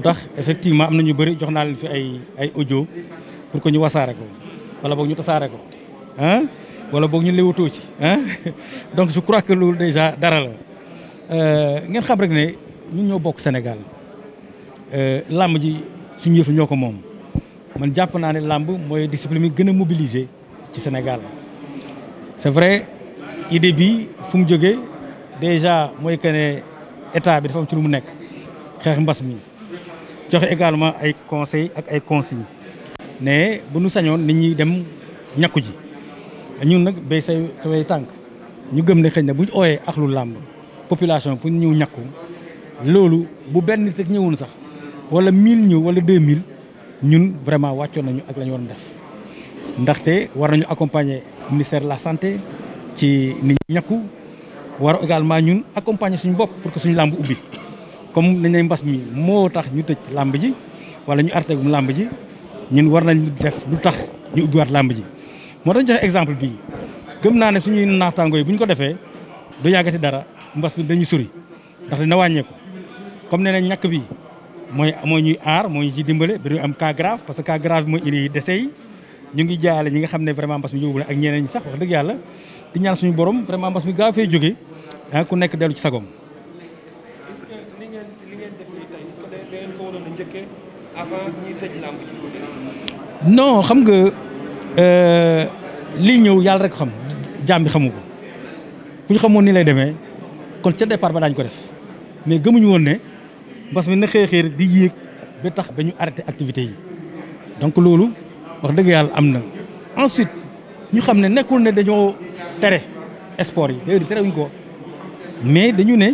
moo tax effectivement am na ñu bëri jox naa leen fi ay ay audio pour que ñu wasaare ko wala boog ñu tasaare ko ah wala boog ñu léwatoo ci ah donc je crois que loolu déjà dara la euh, ngeen xam rek ne ñu ñoo bokk Sénégal euh, làmb ji suñu yëfu ñoo ko moom man jàpp naa ne làmb mooy discipline yi gën a mobiliser ci Sénégal c'est vrai idée bi fu mu jógee déjà mooy que état bi dafa am ci lu mu nekk xeex mbas mi joxe également ay conseils ak ay conseil ne bu ñu sañoon nit ñi dem ñàkku ji ñun nag bay say say tànk ñu gëm ne xëy na bu ñu ooyee axlu làmb population pour ñëw ñàkku loolu bu benn nit rek ñëwoon sax wala 1000 ñëw wala 2000 ñun vraiment wàccoon nañu ak la ñu waroon def ndaxte war nañu accompagner ministère de la santé ci nit ñi ñàkku war également ñun accompagner suñu bopp pour que suñu làmb ubbi. comme dañ ne mbas mi moo tax ñu tëj làmb ji wala ñu arteegum làmb ji ñun war nañ def lu tax ñu ubbiwaat làmb ji moo tax ñu joxe exemple bii gëm naa ne suñuy naataangoo yi bu ñu ko defee du yàggati dara mbas mi dañuy sori ndax dina wàññeeku comme nee nañ ñàkk bi mooy mooy ñuy aar moo ñu ci dimbale ba duñu am cas grave parce que cas grave mooy indi décès yi ñu ngi jaale ñi nga xam ne vraiment mbas mi yóbbu na ak ñeneen ñi sax wax dëgg yàlla di ñaan borom vraiment mbas mi gaaw fee jóge ah, ku nekk dellu ci sagoom njëkkee non xam nga euh, lii ñëw yàlla rek xam jaam bi xamu ko bu ñu xamoon ni lay demee kon ca départ ba daañu ko def mais gëmuñu woon ne mbas mi na xëy xëy di yéeg ba tax ba ñu arrêté activité yi donc loolu wax dëgg yàlla am na ensuite ñu xam ne nekkul ne dañoo tere sport yi déedéet terewuñ ko mais dañu ne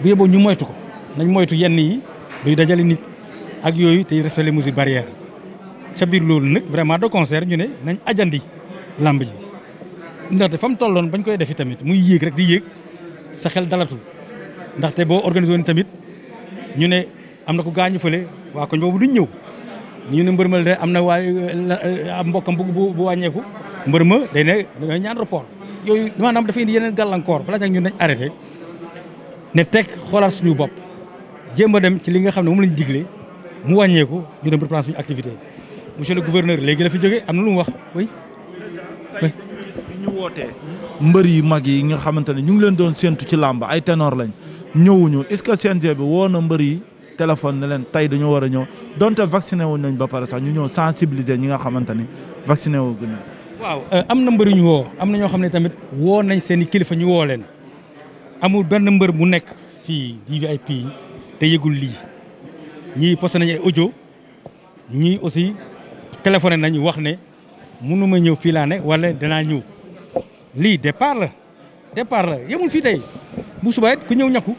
bu yeboo ñu moytu ko nañ moytu yenn yi luy dajale nit ak yooyu tey respecté les mesures barrières ca biir loolu nag vraiment de concert ñu ne nañ ajandi làmb ji ndaxte fa mu tolloon bañ koy defi tamit muy yéeg rek di yéeg sa xel dalatul ndaxte boo organisé tamit ñu ne am na ku gaañu fële waa koñ boobu duñ ñëw ñu ne mbër ma de am na waay am mbokkam bu bu wàññeeku mbër ma day ne dañoo ñaan report yooyu maanaam dafa indi yeneen gàllankoor balaa ca ñu nañ arrêté ne teg xoolaat suñu bopp jëm a dem ci li nga xam ne moom lañ digle mu wàññeeku ñu dem reprendre suñu activité monsieur le gouverneur léegi la fi jógee am na lu mu wax oui. mbër yi mag yi nga xamante ne ñu ngi leen doon séentu ci làmba ay ténor lañ ñëwuñu est-ce que CNG bi woo na mbër yi téléphone na leen tey dañoo war a ñëw donte vacciné wuñ nañ ba pare sax ñu ñëw sensibiliser ñi nga xamante ni vacciné wu waaw euh, am na mbër yu ñu woo am na ñoo xam ne tamit woo nañ seen i kilifa ñu woo leen amul benn mbër mu nekk fii di te yëgul lii. ñii posté nañu ay audio ñii aussi téléphoné nañu wax ne mun nu ma ñëw fii laa ne wala danaa ñëw lii départ la départ la yemul fii tey bu suba ku ñëw ñakku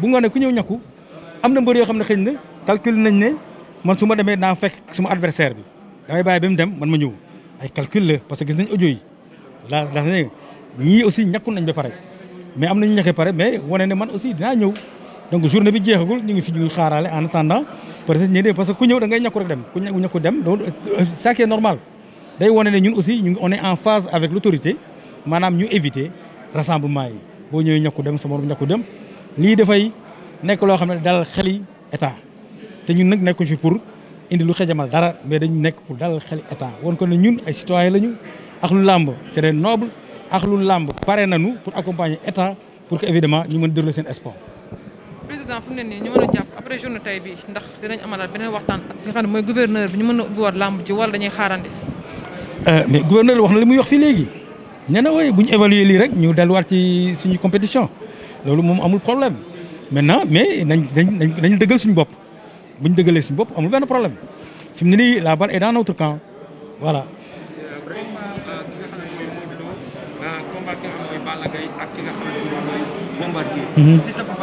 bu ne ku ñëw ñakku am na mbër yoo xam ne xëy na calcul nañ ne man su ma demee naa fekk suma adversaire bi damay baay ba mu dem man ma ñëw ay calcul la parce que gis nañ audio yi la ndax ñii aussi ñàkku nañ ba pare mais am nañu ñàkkee pare mais wane ne man aussi dinaa ñëw. donc journée bi jeexagul ñu ngi fi ñu xaaraale en attendant parce que ñeneen parce que ku ñëw da ngay ñàkku rek dem ku ñàkku dem donc euh, ça qui est normal day wone ne ñun aussi ñu ngi on en phase avec l'autorité maanaam ñu éviter rassemblement yi boo ñëwee ñàkku dem sa morom ñàkku dem lii defay nekk loo xam ne dalal xeli état te ñun nag nekkuñu fi pour indi lu xejamal dara mais dañu nekk pour dalal xeli état won ko ne ñun ay citoyen lañu ak lu làmb c'est des nobles ak lu làmb pare nañu pour accompagner état pour que évidemment ñu mën dérouler seen espoir président fu mu ne nii ñu mën a après journée tey bi ndax dinañ amalaat beneen waxtaan ak nga xam ne mooy gouverneur bi ñu mën a ubbiwaat làmb ji wala dañuy xaarandi. Euh, mais gouverneur wax na li muy wax fii léegi nee na bu ñu évaluer lii rek ñu delluwaat ci suñu compétition loolu moom amul problème maintenant mais nañ nañ nañ dëggal suñu bopp bu ñu dëggalee suñu bopp amul benn problème fi mu ne nii la balle est dans notre voilà. Euh, euh, Bombardier. xam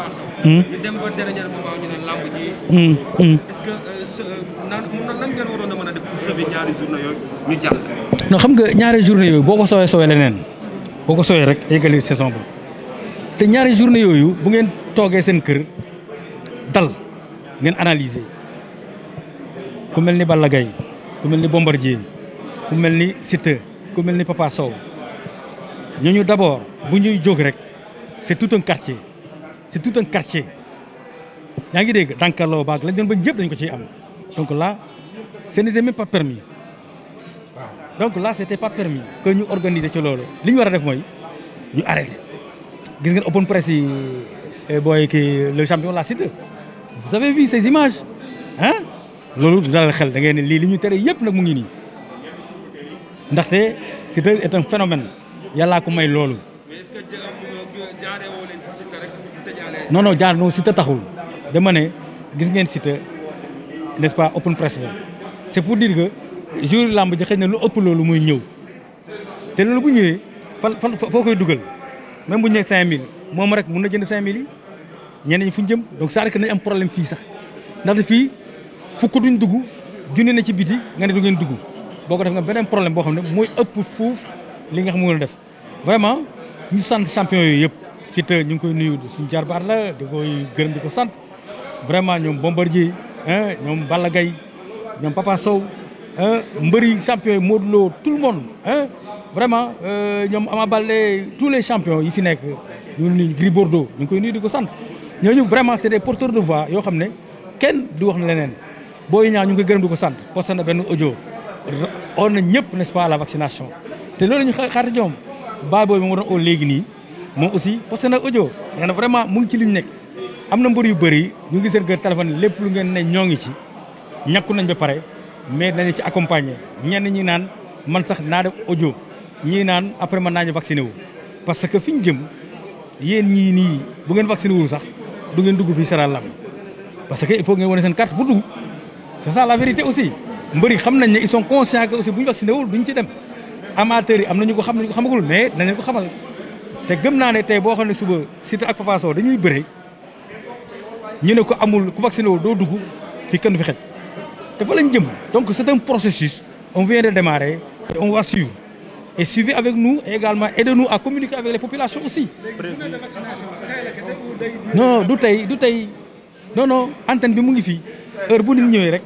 nga ñaari journée yooyu boo ko soowee soowee leneen boo ko soowee rek yeggali saison ba te ñaari journée yooyu bu ngeen toogee seen kër dal ngeen analyser ku mel ni Balla Gaye ku mel ni Bombardier ku mel ni Siteu ku mel ni Papa Sow ñooñu d'abord bu ñuy jóg rek. c'est tout un quartier c'est tout un quartier yaa ngi dégg dankarloo baag lañ doon bañ yëpp dañ ko ciy am donc là ce n'était même pas permis waaw donc là c'était pas permis que ñu organiser ci loolu li ñu war a def mooy ñu arrêté gis ngeen open press yi eh, booy kii le champion la cité vous avez vu ces images ah loolu dalal xel da ngeen ne lii li ñu tere yëpp nag mu ngi nii ndaxte c'est un phénomène yàllaa ko may loolu non non jaar non Siteu taxul dama ne gis ngeen Siteu n'est-ce pas open press ba c'est pour dire que jour làmb ji xëy na lu ëpp loolu muy ñëw te loolu bu ñëwee fan fan foo koy dugal même bu ñu nee 5000 moom rek mun na jënd 5000 yi ñeneen ñi fu ñu jëm donc ça rek nañ am problème fii sax ndaxte fii fukk duñ dugg junne na ci biti nga ne du ngeen dugg boo ko def nga beneen problème boo xam ne mooy ëpp fuuf li nga xam nga def vraiment ñu sant champion yooyu yëpp. Siteu ñu ngi koy nuyu suñu jarbaat la di koy gërëm di ko sant vraiment ñoom Bombardier ñoom Balla Gaye ñoom Papa Sow mbëri champion Modou Lo tout le monde vraiment euh, ñoom Ama Baldé tous les champions yi fi nekk ñu nuyu Gris Bordeaux ñu ngi koy nuyu di ko sant ñu vraiment c'est des porteurs de voix yoo xam ne kenn du wax na leneen booy ñaa ñu ngi koy gërëm di ko sant posté na benn audio on na ñëpp n'est-ce pas à la vaccination te loolu ñu xaar ñoom baay booy bi oo léegi nii moom aussi posté na audio nee vraiment mu ngi ci li ñu nekk am na mbër yu bëri ñu ngi seen kër téléphone lépp lu ngeen ne ñoo ngi ci ñàkku nañ ba pare mais dañu ci accompagner ñenn ñi naan man sax naa def audio ñii naan après man naa ñu vacciné wu. parce que fi ñu jëm yéen ñii nii bu ngeen vacciné wul sax du ngeen dugg fii Sénégal parce que il faut ngeen wane seen carte bu dugg c'est ça la vérité aussi mbëri xam nañ ne ils sont conscients que aussi bu ñu vacciné wul duñ ci dem amateurs yi am na ko xam ne ñu ko xamagul mais dinañ ko xamal. te gëm naa ne tey boo xam ne suba Siteu ak Papa dañuy bëre ñu ne ko amul ku vacciné wu doo dugg fi kenn fi xej te fa lañ jëm donc c'est un processus on vient de démarrer et on va suivre et suivez avec nous et également aidez-nous à communiquer avec les populations aussi. non du tey du tey nono non antenne bi mu ngi fii heure bu nit ñëwee rek.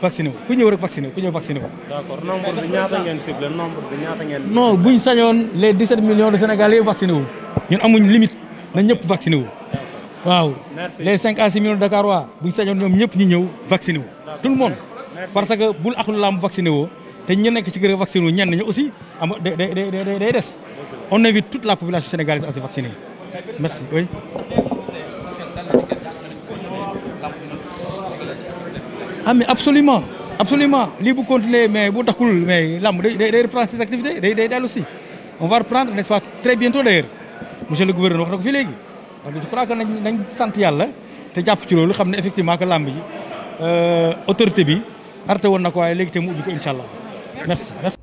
vacciné wu ku ñëw rek vacciné wu ku ñëw vacciné wu. d'accord nombre bi ñaata ngeen ciblé nombre bi ñaata ngeen. non buñ sañoon les 17 millions de Sénégalais yëpp vacciné wu ñun amuñ limite na ñëpp vacciné wu. waaw les 5 à 6 millions de Dakar waa buñ sañoon ñoom ñëpp ñu ñëw vacciné wu. tout le monde parce que bul axlu làmb vacciné woo te ñu nekk ci kër vacciné wu ñenn ñi aussi am day day day des. on invite toute la population sénégalaise à se vacciner merci ah mais absolument absolument lii bu continuer mais bu taxul mais làmb day day reprendre ses activités day day dellu si on va reprendre n'est-ce pas très bientôt d'ailleurs monsieur le gouverneur wax na ko fii léegi donc je nañ sant yàlla te jàpp ci loolu xam ne effectivement que làmb ji euh, autorité bi arrêté woon na ko waaye léegi te mu ubbi ko allah merci